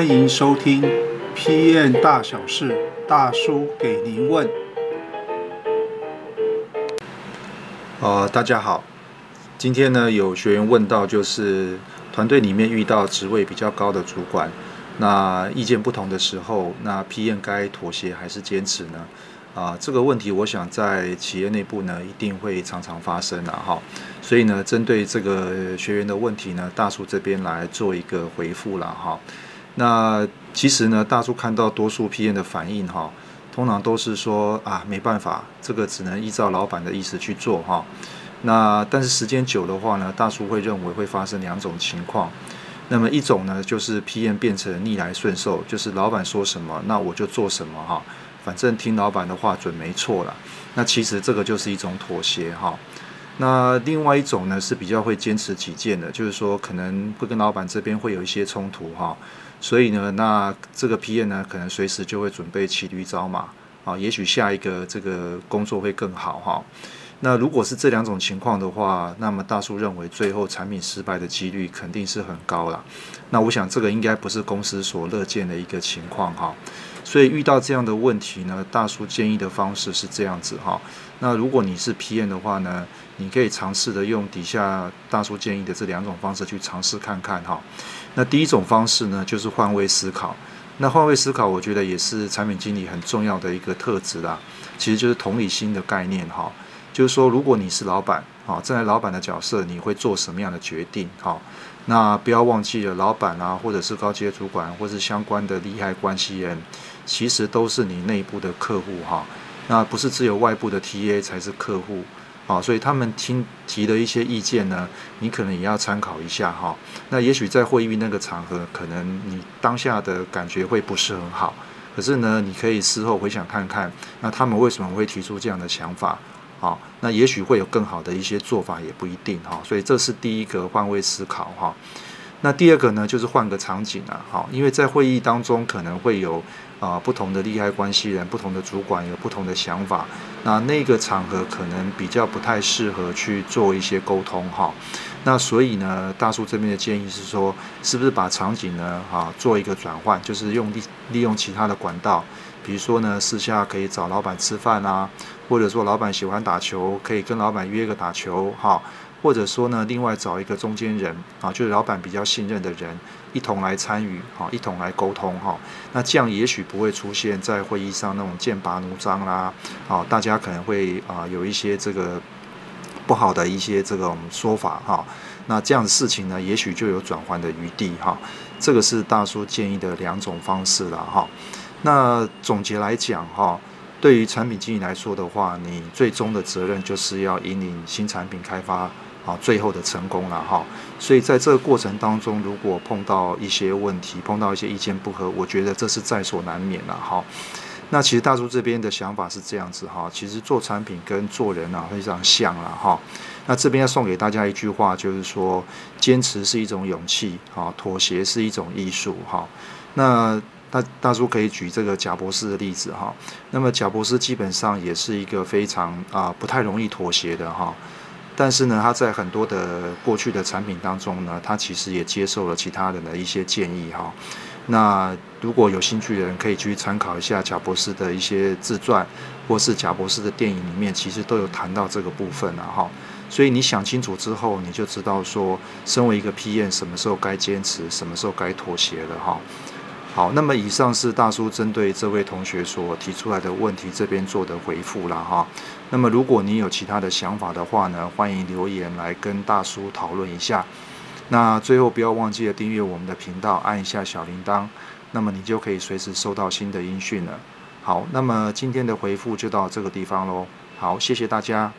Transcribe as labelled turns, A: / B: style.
A: 歡迎收聽批 n 大小事，大叔給您問。呃、大家好，今天呢有學員問到，就是團隊裡面遇到職位比較高的主管，那意見不同的時候，那批驗該妥協還是堅持呢？啊、呃，這個問題我想在企業內部呢一定會常常發生啊哈。所以呢，針對這個學員的問題呢，大叔這邊來做一個回復了哈。那其實呢，大叔看到多數 PM 的反應哈，通常都是說啊，沒辦法，這個只能依照老板的意思去做哈。那但是時間久的話呢，大叔會認為會發生兩種情況。那麼一種呢，就是 PM 變成逆來順受，就是老板說什麼，那我就做什麼哈，反正聽老板的話準沒錯啦。那其實這個就是一種妥協哈。那另外一種呢是比較會堅持己見的，就是說可能會跟老板這邊會有一些衝突哈，所以呢，那這個 PM 呢可能隨時就會準備騎驢找馬啊，也許下一個這個工作會更好哈。那如果是這兩種情況的話，那麼大叔認為最後產品失敗的幾率肯定是很高啦。那我想這個應該不是公司所樂見的一個情況哈。所以遇到這樣的問題呢，大叔建議的方式是這樣子哈。那如果你是 PM 的話呢，你可以嘗試著用底下大叔建議的這兩種方式去嘗試看看哈。那第一種方式呢，就是換位思考。那換位思考，我覺得也是產品經理很重要的一個特質啦，其實就是同理心的概念哈。就是說，如果你是老闆啊，站在老闆的角色，你會做什麼樣的決定？哈、啊，那不要忘記了，老闆啊，或者是高階主管，或者是相關的利害關係人，其實都是你內部的客戶哈、啊。那不是只有外部的 TA 才是客戶啊，所以他們聽提的一些意見呢，你可能也要參考一下哈、啊。那也許在會議那個場合，可能你當下的感覺會不是很好，可是呢，你可以事後回想看看，那他們為什麼會提出這樣的想法？好、哦，那也許會有更好的一些做法，也不一定哈、哦。所以這是第一個換位思考哈、哦。那第二個呢，就是換個場景啊。好、哦，因為在會議當中可能會有啊、呃、不同的利害關係人、不同的主管有不同的想法，那那個場合可能比較不太適合去做一些溝通哈、哦。那所以呢，大叔這邊的建議是說，是不是把場景呢哈、哦，做一個轉換，就是用利利用其他的管道。比如說呢，私下可以找老板吃飯啊，或者說老板喜歡打球，可以跟老板約個打球哈。或者說呢，另外找一個中間人啊，就是老板比較信任的人，一同來參與哈，一同來溝通哈。那這樣也許不會出現在會議上那種劍拔弩張啦，啊，大家可能會啊有一些這個不好的一些這種說法哈。那這樣的事情呢，也許就有轉圜的餘地哈。這個是大叔建議的兩種方式了哈。那總結來講哈，對於產品經理來說的話，你最終的責任就是要引領新產品開發啊，最後的成功了哈。所以在這個過程當中，如果碰到一些問題，碰到一些意見不合，我覺得這是在所難免了哈。那其實大叔這邊的想法是這樣子哈，其實做產品跟做人啊非常像了哈。那這邊要送給大家一句話，就是說，堅持是一種勇氣啊，妥協是一種藝術哈。那。大大叔可以舉這個賈伯斯的例子哈，那麼賈伯斯基本上也是一個非常啊、呃、不太容易妥協的哈，但是呢，他在很多的過去的產品當中呢，他其實也接受了其他人的一些建議哈。那如果有興趣的人可以去參考一下賈伯斯的一些自傳，或是賈伯斯的電影裡面，其實都有談到這個部分了哈。所以你想清楚之後，你就知道說，身為一個 PM 什麼時候該堅持，什麼時候該妥協了哈。好，那麼以上是大叔針對這位同學所提出來的問題這邊做的回復了哈。那麼如果你有其他的想法的話呢，歡迎留言來跟大叔討論一下。那最後不要忘記了訂閱我們的頻道，按一下小鈴鐺，那麼你就可以隨時收到新的音訊了。好，那麼今天的回復就到這個地方嘍。好，謝謝大家。